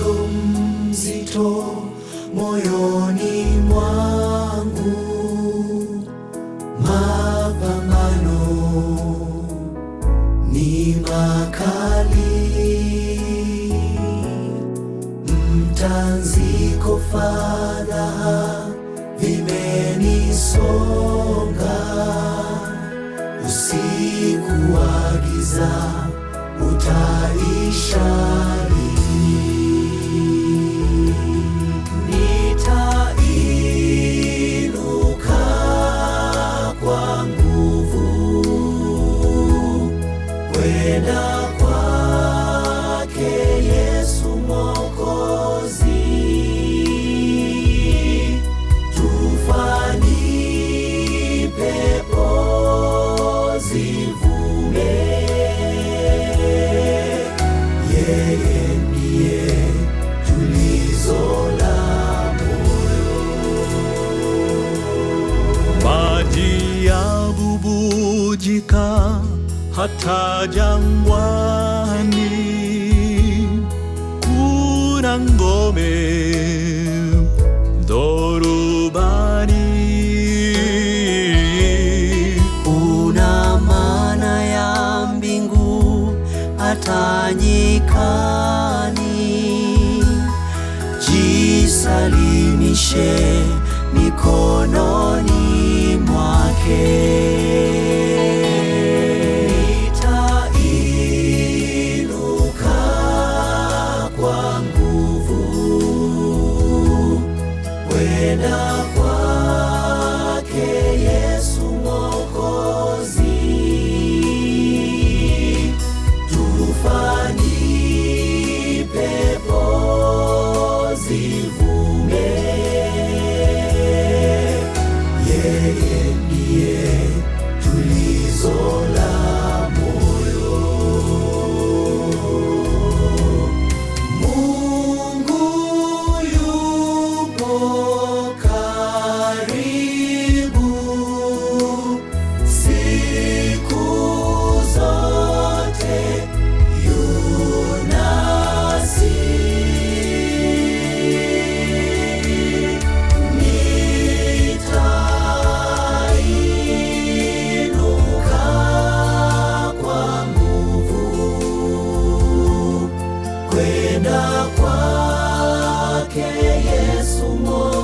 mzigo mzito moyoni mwangu, mapambano ni makali, mtanziko, fadhaa vimenisonga, usiku wa giza utaisha huvujika hata jangwani. Kuna ngome dhorubaani, una maana ya mbingu hata nyikani. Jisalimishe mikono tena kwake Yesu Mwokozi, tufani pepo zivume, yeye ndiye tulizo la kwenda kwake Yesu